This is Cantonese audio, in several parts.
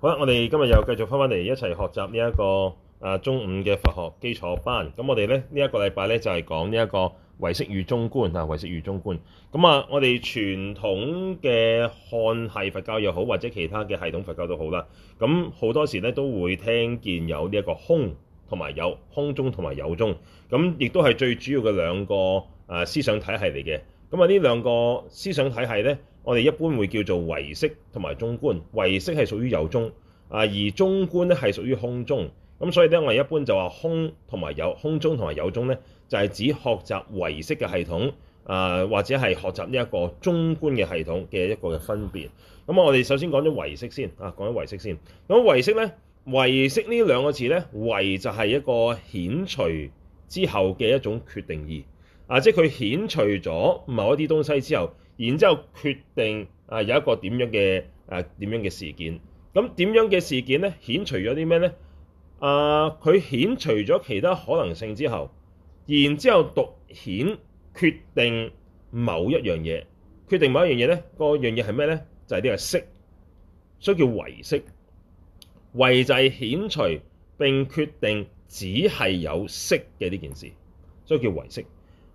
好啦，我哋今日又繼續返返嚟一齊學習呢、這、一個誒、啊、中午嘅佛學基礎班。咁我哋咧呢一、這個禮拜咧就係、是、講呢一個唯識與中觀啊，唯識與中觀。咁啊，與中觀我哋傳統嘅漢系佛教又好，或者其他嘅系統佛教都好啦。咁好多時咧都會聽見有呢一個空，同埋有空中，同埋有中。咁亦都係最主要嘅兩個誒、啊、思想體系嚟嘅。咁啊，呢兩個思想體系咧。我哋一般會叫做唯識同埋中觀，唯識係屬於有宗，啊而中觀咧係屬於空宗。咁所以咧我哋一般就話空同埋有，空宗同埋有宗咧就係、是、指學習唯識嘅系統，啊、呃、或者係學習呢一個中觀嘅系統嘅一個嘅分別。咁我哋首先講咗唯識先，啊講咗唯識先，咁唯識咧，唯識呢兩個字咧，唯就係一個遣除之後嘅一種決定義，啊即係佢遣除咗某一啲東西之後。然之後決定啊有一個點樣嘅誒點樣嘅事件，咁點樣嘅事件咧，顯除咗啲咩咧？啊，佢顯除咗其他可能性之後，然之後獨顯決定某一樣嘢。決定某一樣嘢咧，嗰樣嘢係咩咧？就係呢個識，所以叫唯識。唯就係顯除並決定只係有識嘅呢件事，所以叫唯識。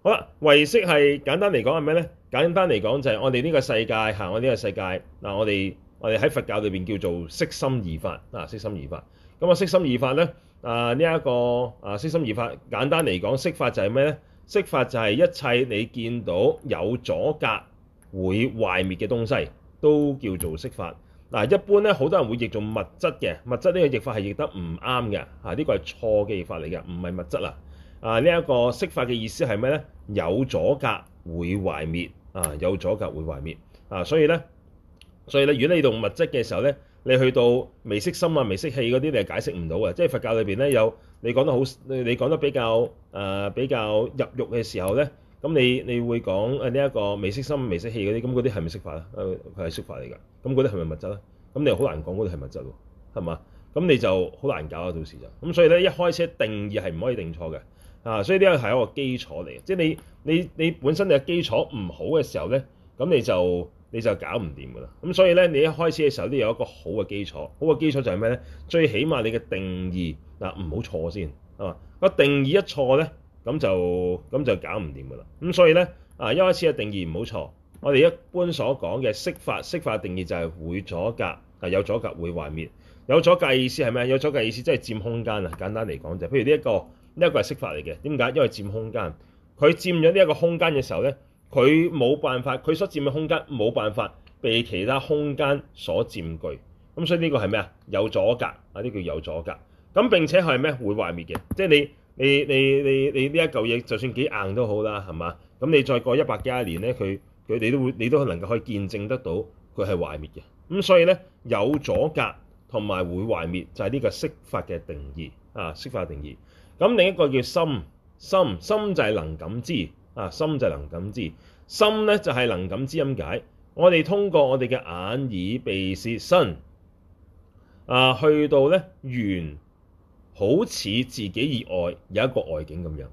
好啦，唯識係簡單嚟講係咩咧？簡單嚟講就係我哋呢個世界，行我呢個世界嗱、啊，我哋我哋喺佛教裏邊叫做色心二法」啊。嗱，色心二法。咁啊色心二法呢」咧啊呢一、這個啊色心二法」簡單嚟講，色法就係咩咧？色法就係一切你見到有阻隔會壞滅嘅東西，都叫做色法。嗱、啊，一般咧好多人會譯做物質嘅，物質呢個譯法係譯得唔啱嘅，嚇、啊、呢、這個係錯嘅譯法嚟嘅，唔係物質啊。啊！呢、這、一個色法嘅意思係咩咧？有阻隔會壞滅啊！有阻隔會壞滅啊！所以咧，所以咧，如果你用物質嘅時候咧，你去到未識心啊、未識氣嗰啲，你係解釋唔到嘅。即係佛教裏邊咧，有你講得好，你講得，得比較啊、呃，比較入肉嘅時候咧，咁你你會講啊呢一個未識心、啊、未識氣嗰啲，咁嗰啲係咪色法啊？佢係色法嚟㗎。咁嗰啲係咪物質咧？咁你又好難講嗰啲係物質喎、啊，係嘛？咁你就好難搞啊！到時就咁，所以咧一開始定義係唔可以定錯嘅。啊，所以呢個係一個基礎嚟嘅，即係你你你本身你嘅基礎唔好嘅時候咧，咁你就你就搞唔掂噶啦。咁所以咧，你一開始嘅時候都有一個好嘅基礎，好嘅基礎就係咩咧？最起碼你嘅定義嗱唔好錯先，啊個定義一錯咧，咁就咁就搞唔掂噶啦。咁所以咧，啊一開始嘅定義唔好錯。我哋一般所講嘅色法色法定義就係會阻隔，但有阻隔會壞滅。有阻隔意思係咩？有阻隔意思即係佔空間啊。簡單嚟講就，譬如呢這一個。呢一個係色法嚟嘅，點解？因為佔空間，佢佔咗呢一個空間嘅時候咧，佢冇辦法，佢所佔嘅空間冇辦法被其他空間所佔據，咁所以呢個係咩啊？有阻隔，啊呢叫有阻隔，咁並且係咩？會壞滅嘅，即係你你你你你呢一嚿嘢，就算幾硬都好啦，係嘛？咁你再過一百幾廿年咧，佢佢你都會你都能夠可以見證得到佢係壞滅嘅，咁所以咧，有阻隔同埋會壞滅就係呢個色法嘅定義啊，色法嘅定義。啊咁另一個叫心，心心就係能感知，啊心就係能感知，心咧就係能感知。點解？我哋通過我哋嘅眼、耳、鼻、舌、身，啊、呃、去到咧，緣好似自己以外有一個外景咁樣。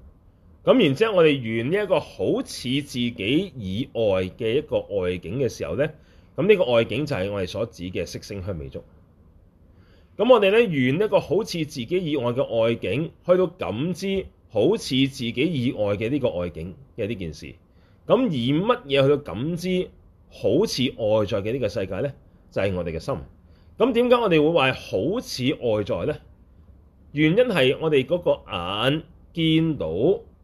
咁然之後，我哋緣呢一個好似自己以外嘅一個外景嘅時候咧，咁、這、呢個外景就係我哋所指嘅色聲香味觸。咁我哋呢，緣一個好似自己以外嘅外境，去到感知好似自己以外嘅呢個外境嘅呢件事。咁而乜嘢去到感知好似外在嘅呢個世界呢？就係、是、我哋嘅心。咁點解我哋會話好似外在呢？原因係我哋嗰個眼見到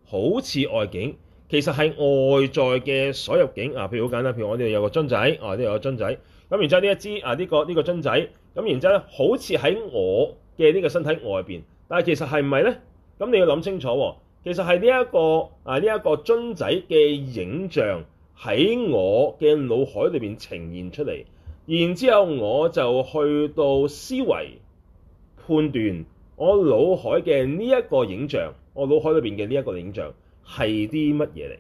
好似外境，其實係外在嘅所有境。啊，譬如好簡單，譬如我哋有個樽仔，哦、啊，呢度有個樽仔，咁然之後呢一支啊，呢、呢個呢、呢個樽仔。咁然之後咧，好似喺我嘅呢個身體外邊，但係其實係唔係咧？咁你要諗清楚喎。其實係呢一個啊，呢一個樽仔嘅影像喺我嘅腦海裏邊呈現出嚟，然之後我就去到思維判斷我腦海嘅呢一個影像，我腦海裏邊嘅呢一個影像係啲乜嘢嚟？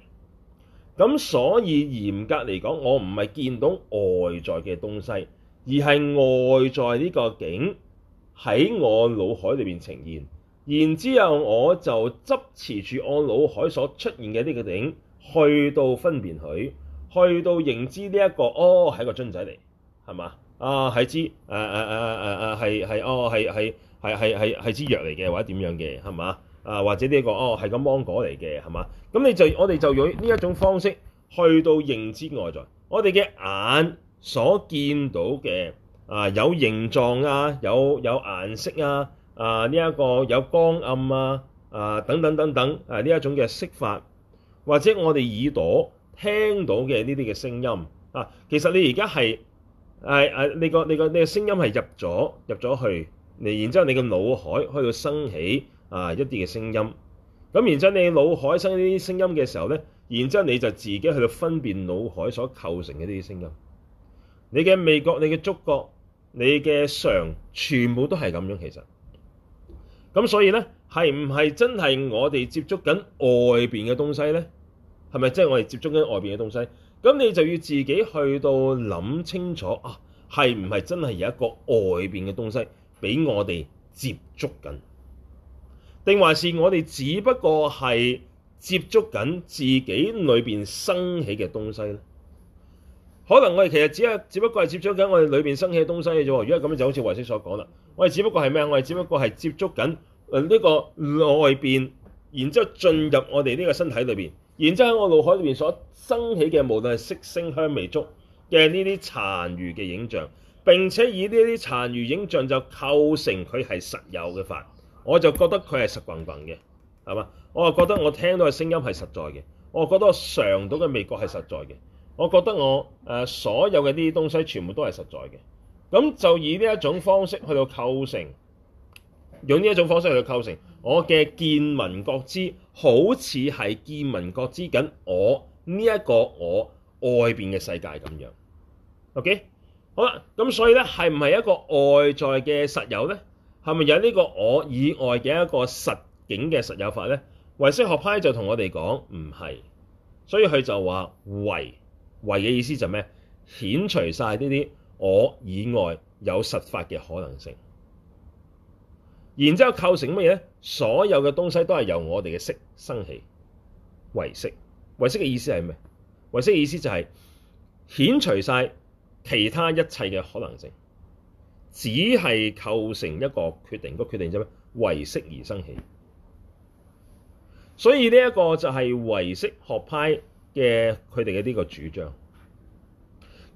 咁所以嚴格嚟講，我唔係見到外在嘅東西。而係外在呢個景喺我腦海裏邊呈現，然之後我就執持住我腦海所出現嘅呢個景去到分辨佢，去到認知呢、這個哦、一個哦係個樽仔嚟，係嘛啊係支誒誒誒誒誒係係哦係係係係係係支藥嚟嘅，或者點樣嘅係嘛啊或者呢、這個哦、一個哦係個芒果嚟嘅係嘛？咁你就我哋就用呢一種方式去到認知外在，我哋嘅眼。所見到嘅啊，有形狀啊，有有顏色啊，啊呢一個有光暗啊，啊等等等等啊呢一種嘅色法，或者我哋耳朵聽到嘅呢啲嘅聲音啊，其實你而家係誒誒，你個你個你嘅聲音係入咗入咗去，你然之後你嘅腦海可以生起啊一啲嘅聲音。咁然之後你腦海生呢啲聲音嘅時候咧，然之後你就自己去到分辨腦海所構成嘅呢啲聲音。你嘅味覺、你嘅觸覺、你嘅常，全部都係咁樣。其實，咁所以咧，係唔係真係我哋接觸緊外邊嘅東西咧？係咪即係我哋接觸緊外邊嘅東西？咁你就要自己去到諗清楚啊，係唔係真係有一個外邊嘅東西俾我哋接觸緊？定還是我哋只不過係接觸緊自己裏邊生起嘅東西咧？可能我哋其實只係只不過係接觸緊我哋裏邊生起嘅東西嘅啫喎。如果咁樣就好似唯師所講啦，我哋只不過係咩啊？我哋只不過係接觸緊誒呢個外邊，然之後進入我哋呢個身體裏邊，然之後喺我腦海裏邊所生起嘅無論係色聲香味觸嘅呢啲殘餘嘅影像，並且以呢啲殘餘影像就構成佢係實有嘅法。我就覺得佢係實笨笨嘅，係嘛？我就覺得我聽到嘅聲音係實在嘅，我覺得我嘗到嘅味覺係實在嘅。我覺得我誒、呃、所有嘅呢啲東西全部都係實在嘅，咁就以呢一種方式去到構成，用呢一種方式去到構成我嘅見聞覺知，好似係見聞覺知緊我呢一個我外邊嘅世界咁樣。OK，好啦，咁所以咧係唔係一個外在嘅實有咧？係咪有呢個我以外嘅一個實境嘅實有法咧？唯識學派就同我哋講唔係，所以佢就話唯。為唯嘅意思就咩？遣除晒呢啲我以外有實法嘅可能性，然之後構成乜嘢？所有嘅東西都係由我哋嘅識生起，唯識。唯識嘅意思係咩？唯識嘅意思就係、是、遣除晒其他一切嘅可能性，只係構成一個決定，個決定啫咩？唯識而生起。所以呢一個就係唯識學派。嘅佢哋嘅呢個主張。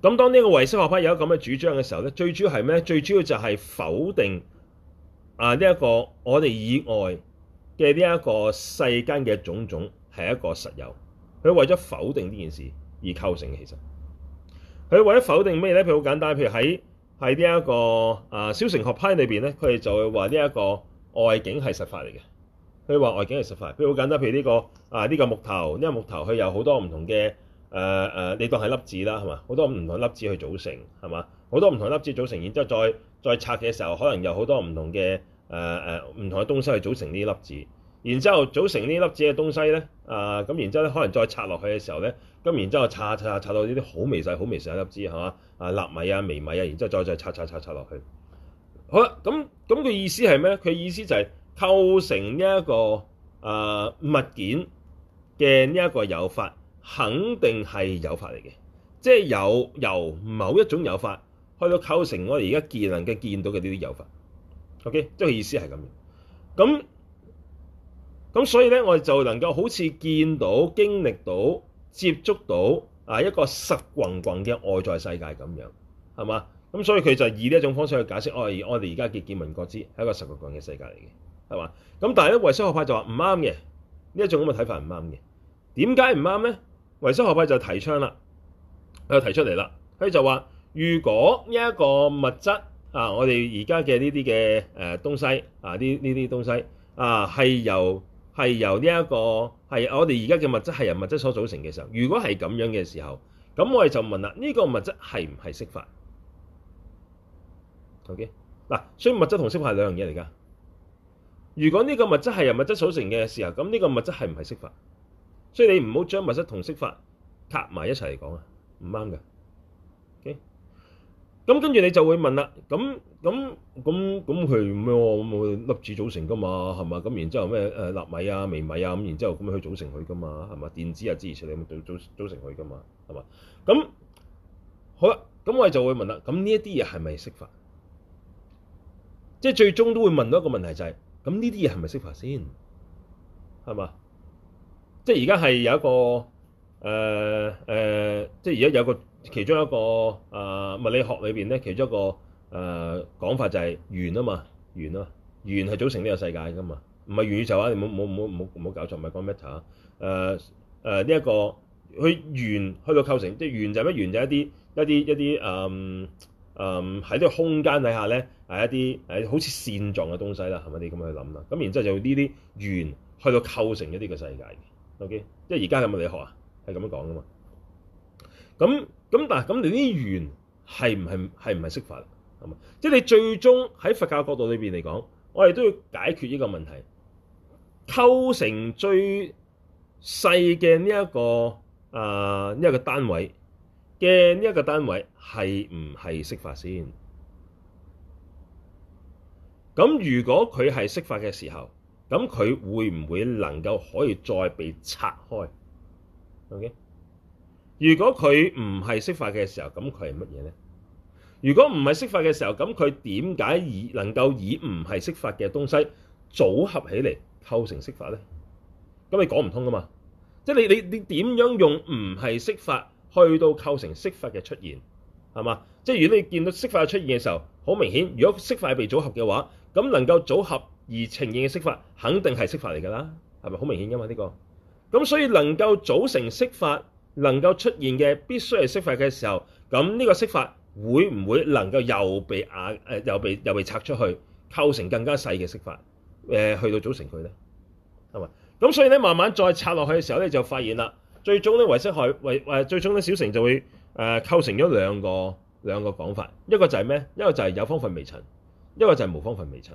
咁當呢個唯識學派有一咁嘅主張嘅時候咧，最主要係咩？最主要就係否定啊呢一個我哋以外嘅呢一個世間嘅種種係一個實有。佢為咗否定呢件事而構成嘅，其實，佢為咗否定咩咧？譬如好簡單，譬如喺係呢一個啊小乘學派裏邊咧，佢哋就會話，呢一個外境係實法嚟嘅。譬如話外景係實物，譬如好簡單，譬如呢個啊呢個木頭，呢個木頭佢有好多唔同嘅誒誒，你當係粒子啦，係嘛？好多唔同嘅粒子去組成，係嘛？好多唔同嘅粒子組成，然之後再再拆嘅時候，可能有好多唔同嘅誒誒唔同嘅東西去組成呢粒子。然之後組成呢粒子嘅東西咧啊，咁然之後咧可能再拆落去嘅時候咧，咁然之後拆拆拆到呢啲好微細、好微細嘅粒子，係嘛？啊，納米啊、微米啊，然之後再再拆拆拆拆落去。好啦，咁咁嘅意思係咩咧？佢意思就係。構成呢一個誒、呃、物件嘅呢一個有法，肯定係有法嚟嘅，即係由由某一種有法去到構成我哋而家見能夠見到嘅呢啲有法。OK，即係意思係咁樣。咁咁所以咧，我哋就能夠好似見到、經歷到、接觸到啊一個實棍棍嘅外在世界咁樣，係嘛？咁所以佢就以呢一種方式去解釋我哋我哋而家嘅見聞覺知係一個實棍棍嘅世界嚟嘅。係嘛？咁但係咧，唯識學派就話唔啱嘅，這這呢一種咁嘅睇法唔啱嘅。點解唔啱咧？唯識學派就提倡啦，佢就提出嚟啦。佢就話：如果呢一個物質啊，我哋而家嘅呢啲嘅誒東西啊，呢呢啲東西啊，係由係由呢、這、一個係我哋而家嘅物質係由物質所組成嘅時候，如果係咁樣嘅時候，咁我哋就問啦：呢、這個物質係唔係色法？嗱、okay? 啊，所以物質同色法係兩樣嘢嚟㗎。如果呢個物質係由物質組成嘅時候，咁呢個物質係唔係色法？所以你唔好將物質同色法夾埋一齊嚟講啊，唔啱㗎。OK？咁跟住你就會問啦，咁咁咁咁佢咩？我咪粒子組成㗎嘛，係嘛？咁然之後咩？誒納米啊、微米啊，咁然之後咁去組成佢㗎嘛，係嘛？電子啊之類你咪組組成佢㗎嘛，係嘛？咁好啦，咁我哋就會問啦，咁呢一啲嘢係咪色法？即係最終都會問到一個問題就係、是。咁呢啲嘢係咪適合先？係嘛？即係而家係有一個誒誒，即係而家有個其中一個啊物理學裏邊咧，其中一個誒講法就係圓啊嘛，圓咯，圓係組成呢個世界噶嘛，唔係圓宇宙啊！你冇冇冇冇冇搞錯？唔係講 meta 啊。誒誒呢一個佢圓去到構成，即係圓就咩？圓就一啲一啲一啲誒。誒喺呢個空間底下咧，係一啲誒好似線狀嘅東西啦，係咪你咁去諗啦？咁然之後就呢啲圓去到構成一啲嘅世界。O K，即係而家係咪你學啊？係咁樣講噶嘛？咁咁但係咁你啲圓係唔係係唔係釋法？係嘛？即係你最終喺佛教角度裏邊嚟講，我哋都要解決呢個問題，構成最細嘅呢一個誒呢一個單位，嘅呢一個單位係唔係釋法先？咁如果佢係釋法嘅時候，咁佢會唔會能夠可以再被拆開？OK，如果佢唔係釋法嘅時候，咁佢係乜嘢呢？如果唔係釋法嘅時候，咁佢點解以能夠以唔係釋法嘅東西組合起嚟構成釋法呢？咁你講唔通噶嘛？即係你你你點樣用唔係釋法？去到構成色法嘅出現，係嘛？即係如果你見到色法出現嘅時候，好明顯。如果色法被組合嘅話，咁能夠組合而呈現嘅色法肯定係色法嚟㗎啦，係咪好明顯㗎嘛？呢、這個咁所以能夠組成色法，能夠出現嘅必須係色法嘅時候，咁呢個色法會唔會能夠又被壓誒、呃，又被又被拆出去構成更加細嘅色法？誒、呃，去到組成佢咧，係咪？咁所以咧，慢慢再拆落去嘅時候咧，你就發現啦。最終咧，唯識害，唯誒最終咧，小乘就會誒、呃、構成咗兩個兩個講法，一個就係咩？一個就係有方分微塵，一個就係無方分微塵。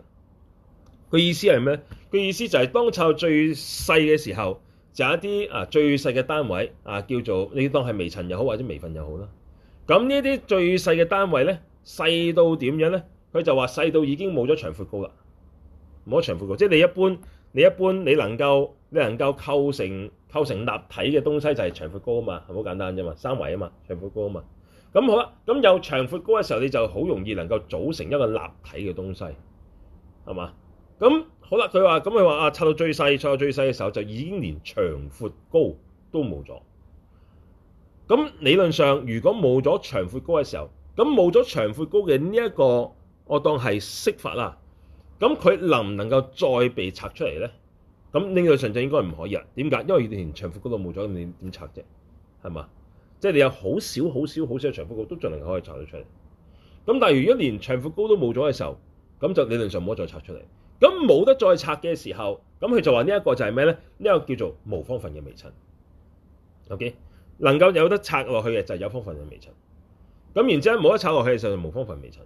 佢意思係咩？佢意思就係當湊最細嘅時候，就有一啲啊最細嘅單位啊叫做你當係微塵又好或者微分又好啦。咁呢啲最細嘅單位咧，細到點樣咧？佢就話細到已經冇咗長闊高啦，冇咗長闊高，即、就、係、是、你一般你一般，你，一般你能夠你能夠構成。構成立體嘅東西就係長闊高啊嘛，好簡單啫嘛，三維啊嘛，長闊高啊嘛。咁好啦，咁有長闊高嘅時候，你就好容易能夠組成一個立體嘅東西，係嘛？咁好啦，佢話咁佢話啊，拆到最細，拆到最細嘅時候就已經連長闊高都冇咗。咁理論上，如果冇咗長闊高嘅時候，咁冇咗長闊高嘅呢一個，我當係釋法啦。咁佢能唔能夠再被拆出嚟咧？咁理論上就應該唔可以，點解？因為連長闊高都冇咗，你點拆啫？係嘛？即係你有好少、好少、好少嘅長闊高都盡量可以拆到出嚟。咁但係如果連長闊高都冇咗嘅時候，咁就理論上唔好再拆出嚟。咁冇得再拆嘅時候，咁佢就話呢一個就係咩咧？呢個叫做無方份嘅微塵。O.K. 能夠有得拆落去嘅就係有方份嘅微塵。咁然之後冇得拆落去嘅時候就係無方份微塵。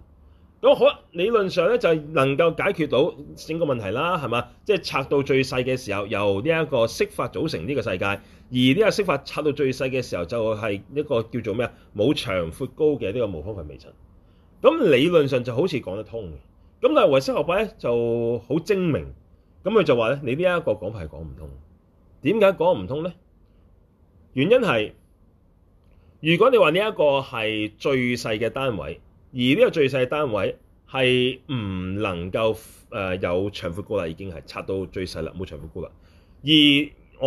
咁好，理論上咧就能夠解決到整個問題啦，係嘛？即係拆到最細嘅時候，由呢一個色法組成呢個世界，而呢個色法拆到最細嘅時候，就係一個叫做咩啊？冇長闊高嘅呢個無方分微塵。咁理論上就好似講得通嘅。咁但係唯識學派咧就好精明，咁佢就話咧：你呢一個講法係講唔通。點解講唔通咧？原因係如果你話呢一個係最細嘅單位。而呢個最細單位係唔能夠誒、呃、有長闊高啦，已經係拆到最細啦，冇長闊高啦。而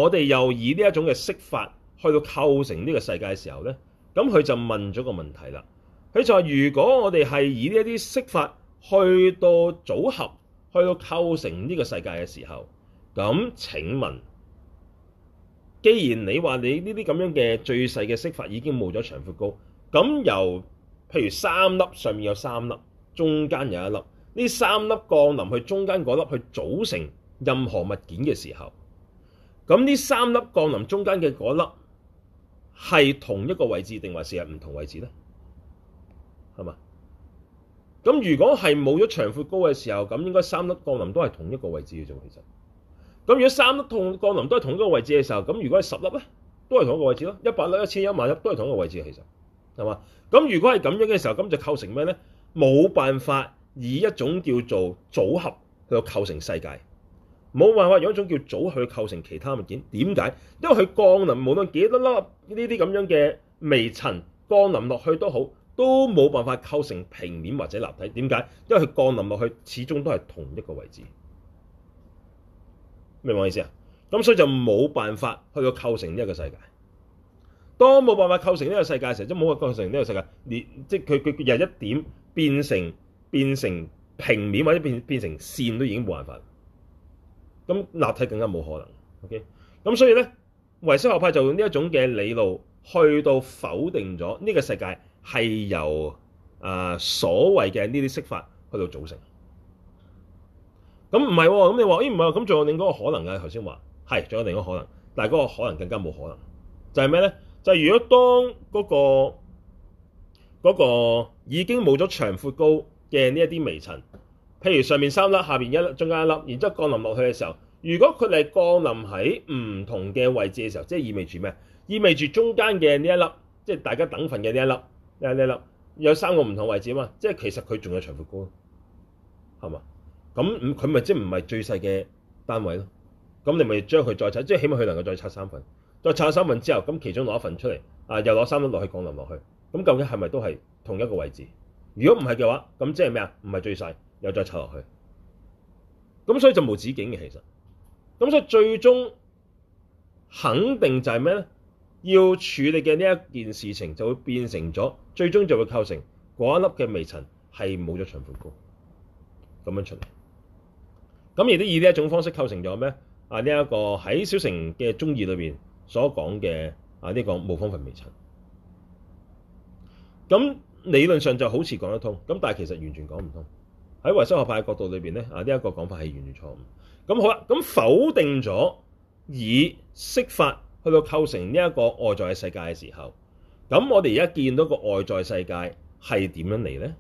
我哋又以呢一種嘅色法去到構成呢個世界嘅時候咧，咁佢就問咗個問題啦。佢就話：如果我哋係以呢一啲色法去到組合、去到構成呢個世界嘅時候，咁請問，既然你話你呢啲咁樣嘅最細嘅色法已經冇咗長闊高，咁由？譬如三粒上面有三粒，中間有一粒，呢三粒降臨去中間嗰粒去組成任何物件嘅時候，咁呢三粒降臨中間嘅嗰粒係同一個位置定還是係唔同位置咧？係嘛？咁如果係冇咗長闊高嘅時候，咁應該三粒降臨都係同一個位置嘅啫。其實，咁如果三粒同降臨都係同一個位置嘅時候，咁如果係十粒咧，都係同一個位置咯。一百粒、一千一萬粒都係同一個位置嘅其實。係嘛？咁如果係咁樣嘅時候，咁就構成咩咧？冇辦法以一種叫做組合去構成世界，冇辦法用一種叫組去構成其他物件。點解？因為佢降臨無論幾多粒呢啲咁樣嘅微塵降臨落去都好，都冇辦法構成平面或者立體。點解？因為佢降臨落去始終都係同一個位置。明唔明我意思啊？咁所以就冇辦法去到構成呢一個世界。我冇辦法構成呢個世界嘅時候，即冇辦法構成呢個世界。連即係佢佢又一點變成變成平面或者變變成線，都已經冇辦法。咁立體更加冇可能。OK，咁所以咧，唯識學派就用呢一種嘅理路去到否定咗呢個世界係由啊、呃、所謂嘅呢啲色法去到組成。咁唔係咁你話咦唔係咁仲有另一個可能㗎、啊？頭先話係仲有另一個可能，但係嗰個可能更加冇可能，就係咩咧？就係如果當嗰個嗰個已經冇咗長闊高嘅呢一啲微塵，譬如上面三粒、下邊一粒、中間一粒，然之後降臨落去嘅時候，如果佢哋降臨喺唔同嘅位置嘅時候，即係意味住咩？意味住中間嘅呢一粒，即係大家等份嘅呢一粒，呢一粒有三個唔同位置啊嘛，即係其實佢仲有長闊高，係嘛？咁佢咪即係唔係最細嘅單位咯？咁你咪將佢再拆，即係起碼佢能夠再拆三分。再拆三份之後，咁其中攞一份出嚟，啊又攞三粒落去降臨落去，咁究竟係咪都係同一個位置？如果唔係嘅話，咁即係咩啊？唔係最細，又再拆落去，咁所以就冇止境嘅其實，咁所以最終肯定就係咩咧？要處理嘅呢一件事情就會變成咗，最終就會構成嗰粒嘅微塵係冇咗財富高。咁樣出嚟。咁亦都以呢一種方式構成咗咩？啊呢一、這個喺小城嘅中意裏邊。所講嘅啊呢個冇方分微塵。咁理論上就好似講得通，咁但係其實完全講唔通。喺唯識學派嘅角度裏邊咧，啊呢一個講法係完全錯誤。咁好啦，咁否定咗以色法去到構成呢一個外在嘅世界嘅時候，咁我哋而家見到個外在世界係點樣嚟咧？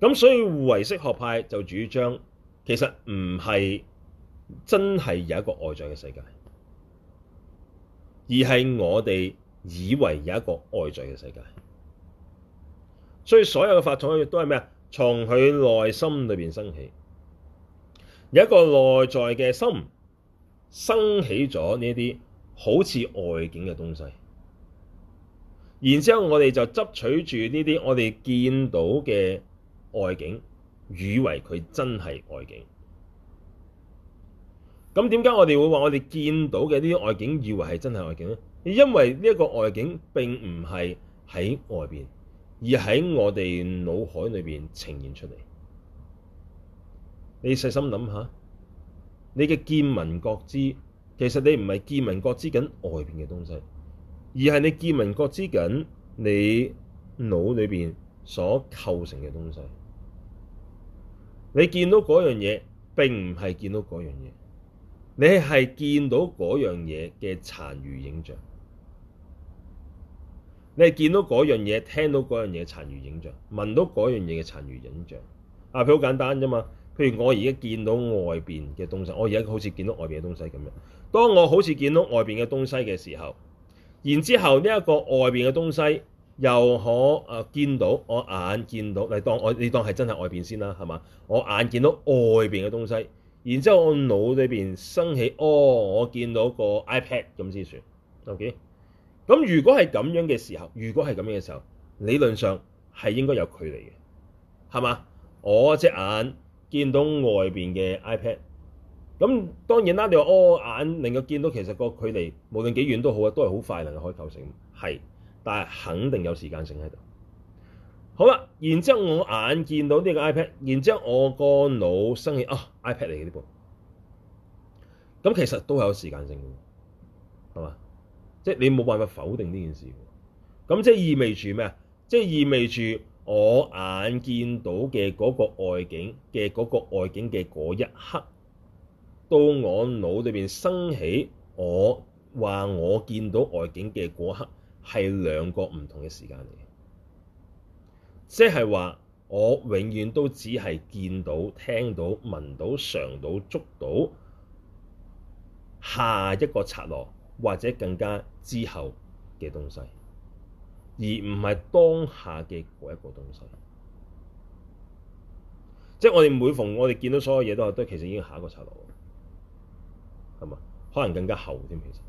咁所以唯識學派就主張，其實唔係真係有一個外在嘅世界。而係我哋以為有一個外在嘅世界，所以所有嘅法統都係咩啊？從佢內心裏邊生起，有一個內在嘅心生起咗呢啲好似外境嘅東西，然之後我哋就執取住呢啲我哋見到嘅外境，以為佢真係外境。咁點解我哋會話我哋見到嘅啲外景以為係真係外景咧？因為呢一個外景並唔係喺外邊，而喺我哋腦海裏邊呈現出嚟。你細心諗下，你嘅見聞覺知其實你唔係見聞覺知緊外邊嘅東西，而係你見聞覺知緊你腦裏邊所構成嘅東西。你見到嗰樣嘢並唔係見到嗰樣嘢。你係見到嗰樣嘢嘅殘餘影像，你係見到嗰樣嘢、聽到嗰樣嘢嘅殘餘影像、聞到嗰樣嘢嘅殘餘影像。啊，譬如好簡單啫嘛。譬如我而家見到外邊嘅東西，我而家好似見到外邊嘅東西咁樣。當我好似見到外邊嘅東西嘅時候，然之後呢一個外邊嘅東西又可啊見到我眼見到，你當我，你當係真係外邊先啦，係嘛？我眼見到外邊嘅東西。然之後，我腦裏邊升起，哦，我見到個 iPad 咁先算。OK，咁如果係咁樣嘅時候，如果係咁樣嘅時候，理論上係應該有距離嘅，係嘛？我隻眼見到外邊嘅 iPad，咁當然啦。你話哦，眼能夠見到其實個距離，無論幾遠都好，都係好快能夠可以構成係，但係肯定有時間性喺度。好啦，然之後我眼見到呢個 iPad，然之後我腦、哦這個腦生起啊 iPad 嚟嘅呢部，咁其實都係有時間性嘅，係嘛？即係你冇辦法否定呢件事。咁即係意味住咩啊？即係意味住我眼見到嘅嗰個外景嘅嗰個外景嘅嗰一刻，到我腦裏邊生起我話我見到外景嘅嗰刻，係兩個唔同嘅時間嚟嘅。即係話，我永遠都只係見到、聽到、聞到、嘗到、觸到下一個策落，或者更加之後嘅東西，而唔係當下嘅嗰一個東西。即係我哋每逢我哋見到所有嘢，都係都其實已經下一個策落，係嘛？可能更加後添，其實。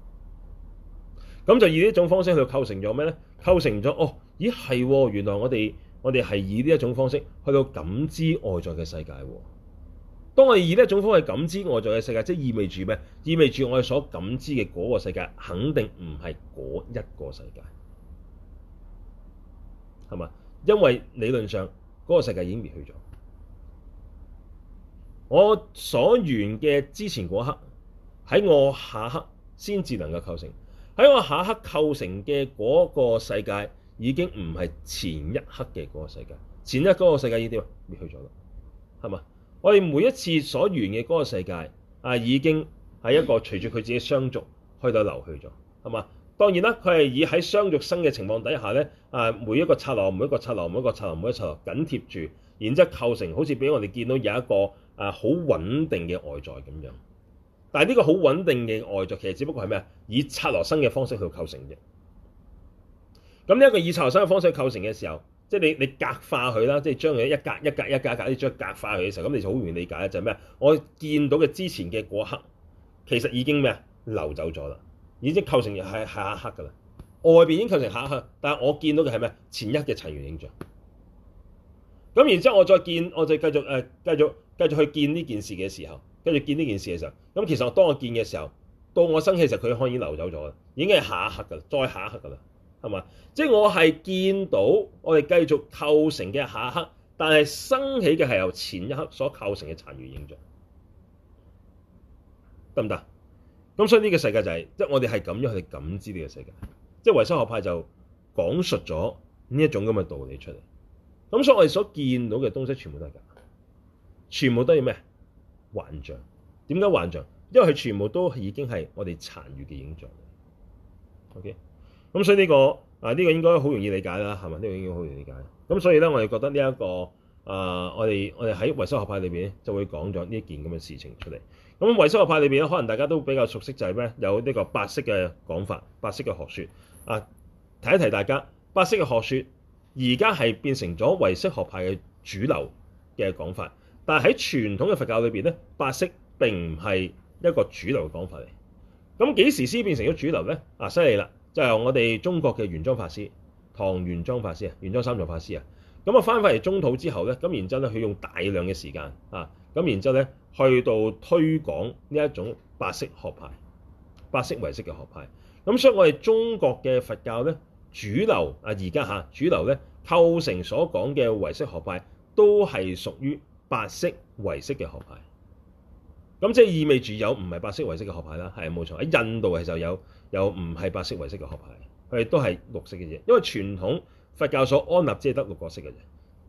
咁就以呢種方式去構成咗咩咧？構成咗哦，咦係，原來我哋。我哋係以呢一種方式去到感知外在嘅世界。當我哋以呢一種方式感知外在嘅世界，即係意味住咩？意味住我哋所感知嘅嗰個世界，肯定唔係嗰一個世界，係嘛？因為理論上嗰個世界已經滅去咗。我所完嘅之前嗰刻，喺我下刻先至能夠構成。喺我下刻構成嘅嗰個世界，已經唔係前一刻嘅嗰個世界，前一刻個世界已經點啊？滅去咗啦，係嘛？我哋每一次所緣嘅嗰個世界啊，已經係一個隨住佢自己相續去到流去咗，係嘛？當然啦，佢係以喺相續生嘅情況底下咧，啊每一個策落、每一個策落、每一個策落、每一個策落緊貼住，然之後構成好似俾我哋見到有一個啊好穩定嘅外在咁樣。但係呢個好穩定嘅外在，其實只不過係咩啊？以策落生嘅方式去構成嘅。咁呢一個以巢生嘅方式構成嘅時候，即係你你隔化佢啦，即係將佢一隔一隔一隔隔，你將隔化佢嘅時候，咁你就好容易理解，就係咩？我見到嘅之前嘅嗰刻，其實已經咩啊？流走咗啦，已經構成係下一刻噶啦，外邊已經構成下一刻，但係我見到嘅係咩？前一嘅殘餘影像。咁然之後我再見，我再繼續誒、呃、繼續繼續去見呢件事嘅時候，跟住見呢件事嘅時候，咁其實我當我見嘅時候，到我生氣嘅時候，佢已經流走咗啦，已經係下一刻噶啦，再下一刻噶啦。係嘛？即係我係見到我哋繼續構成嘅下一刻，但係生起嘅係由前一刻所構成嘅殘餘影像，得唔得？咁所以呢個世界就係即係我哋係咁樣去感知呢個世界。即係唯識學派就講述咗呢一種咁嘅道理出嚟。咁所以我哋所見到嘅東西全部都係假，全部都係咩幻象？點解幻象？因為佢全部都已經係我哋殘餘嘅影像。OK。咁所以呢、這個啊呢、這個應該好容易理解啦，係咪？呢個應該好容易理解。咁、這個、所以咧，我哋覺得呢、這、一個啊、呃，我哋我哋喺唯識學派裏邊就會講咗呢一件咁嘅事情出嚟。咁唯識學派裏邊咧，可能大家都比較熟悉就係咩有呢個八識嘅講法，八識嘅學説啊，提一提大家八識嘅學説而家係變成咗唯識學派嘅主流嘅講法，但係喺傳統嘅佛教裏邊咧，八識並唔係一個主流嘅講法嚟。咁幾時先變成咗主流咧？啊，犀利啦！就係我哋中國嘅玄奘法師，唐玄奘法師啊，玄奘三藏法師啊，咁啊翻返嚟中土之後咧，咁然之後咧，佢用大量嘅時間啊，咁然之後咧，去到推廣呢一種白色學派、白色唯識嘅學派。咁所以，我哋中國嘅佛教咧，主流啊，而家嚇主流咧構成所講嘅唯識學派，都係屬於白色唯識嘅學派。咁即係意味住有唔係白色唯識嘅學派啦，係冇錯喺印度係就有。又唔係八識唯識嘅學派，佢哋都係六識嘅嘢。因為傳統佛教所安立即係得六個識嘅啫。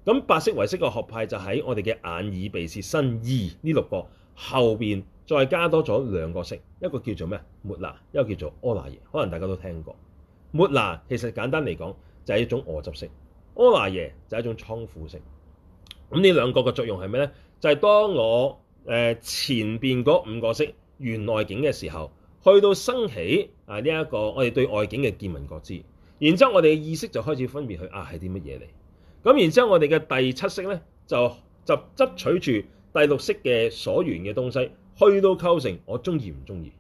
咁八識唯識嘅學派就喺我哋嘅眼耳鼻舌身意呢六個後邊再加多咗兩個識，一個叫做咩？末那，一個叫做阿賴耶。可能大家都聽過末那，其實簡單嚟講就係、是、一種我執識；阿賴耶就係一種倉庫識。咁呢兩個嘅作用係咩咧？就係、是、當我誒、呃、前邊嗰五個識緣內境嘅時候。去到生起啊！呢、這、一個我哋對外境嘅見聞覺知，然之後我哋嘅意識就開始分別去啊，係啲乜嘢嚟。咁然之後我哋嘅第七識咧，就就執取住第六識嘅所緣嘅東西，去到構成我中意唔中意。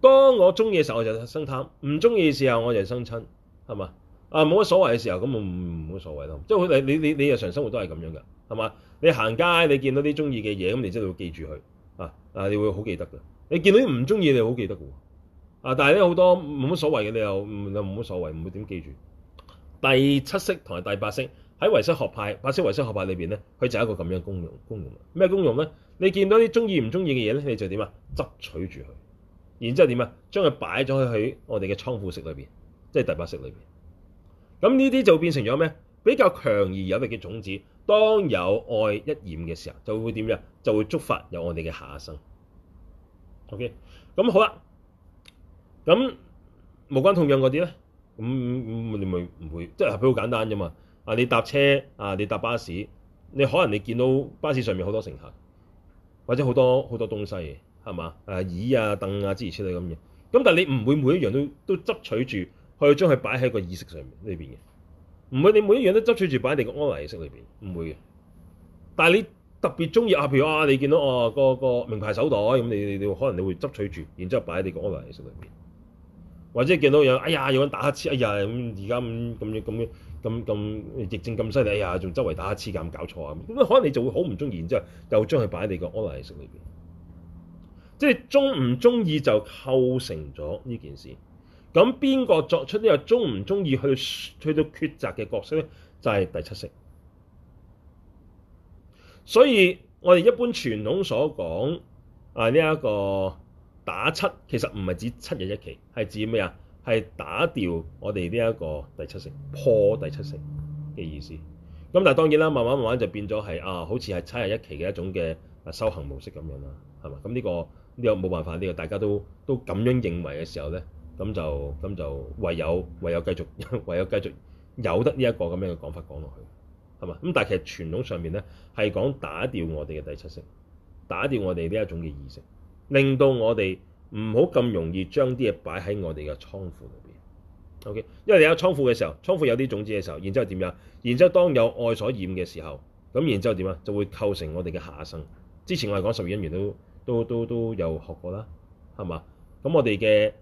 當我中意嘅時候，我就生貪，唔中意嘅時候，我就生親，係嘛？啊，冇乜所謂嘅時候，咁啊冇乜所謂咯。即、嗯、係你你你你日常生活都係咁樣噶，係嘛？你行街你見到啲中意嘅嘢咁，你真係要記住佢啊啊！你會好記得噶。你見到啲唔中意，你好記得嘅喎。啊，但係咧好多冇乜所謂嘅，你又又冇乜所謂，唔會點記住。第七識同埋第八識，喺唯識學派，八識唯識學派裏邊咧，佢就一個咁樣功用，功用咩功用咧？你見到啲中意唔中意嘅嘢咧，你就點啊？執取住佢，然之後點啊？將佢擺咗去喺我哋嘅倉庫識裏邊，即係第八識裏邊。咁呢啲就會變成咗咩？比較強而有力嘅種子。當有愛一染嘅時候，就會點呀？就會觸發有我哋嘅下生。O K. 咁好啦，咁無關痛癢嗰啲咧，咁你咪唔會，即係比好簡單啫嘛。啊，你搭車啊，你搭巴士，你可能你見到巴士上面好多乘客，或者好多好多東西，係嘛？誒椅啊、凳啊之類之類咁嘅。咁但係你唔會每一樣都都執取住去將佢擺喺個意識上面呢邊嘅，唔會。你每一樣都執取住擺喺你個安尼意識裏邊，唔會嘅。但係你。特別中意啊，譬如啊，你見到哦、啊、個，個名牌手袋，咁你你，你可能你會執取住，然之後擺喺你個阿賴耶識裏邊。或者見到有哎呀有人打乞嗤，哎呀咁而家咁咁樣咁樣咁咁疫症咁犀利，哎呀仲周圍打乞嗤咁搞錯啊，咁可能你就會好唔中意，然之後又將佢擺喺你個阿賴耶識裏邊。即係中唔中意就構成咗呢件事。咁邊個作出呢個中唔中意去去到抉擇嘅角色咧？就係、是、第七識。所以我哋一般傳統所講啊，呢一個打七，其實唔係指七日一期，係指咩啊？係打掉我哋呢一個第七識，破第七識嘅意思。咁但係當然啦，慢慢慢慢就變咗係啊，好似係七日一期嘅一種嘅啊修行模式咁樣啦，係嘛？咁呢個呢個冇辦法，呢個大家都都咁樣認為嘅時候咧，咁就咁就唯有唯有繼續唯有繼續有得呢一個咁樣嘅講法講落去。係嘛？咁但係其實傳統上面咧係講打掉我哋嘅第七識，打掉我哋呢一種嘅意識，令到我哋唔好咁容易將啲嘢擺喺我哋嘅倉庫裏邊。OK，因為你有倉庫嘅時候，倉庫有啲種子嘅時候，然之後點樣？然之後當有愛所染嘅時候，咁然之後點啊？就會構成我哋嘅下生。之前我哋講十二因緣都都都都有學過啦，係嘛？咁我哋嘅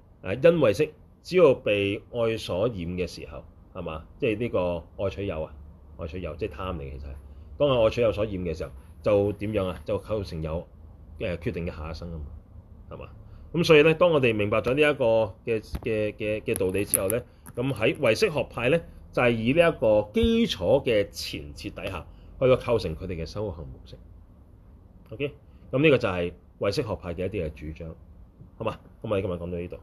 誒因為識，只要被愛所染嘅時候，係嘛？即係呢個愛取有啊。愛取有，即係貪嚟，其實係。當我愛取有所厭嘅時候，就點樣啊？就構成有誒決定嘅下一生啊嘛，係嘛？咁所以咧，當我哋明白咗呢一個嘅嘅嘅嘅道理之後咧，咁喺唯識學派咧就係、是、以呢一個基礎嘅前設底下去到構成佢哋嘅修行模式。OK，咁呢個就係唯識學派嘅一啲嘅主張，係嘛？咁我哋今日講到呢度。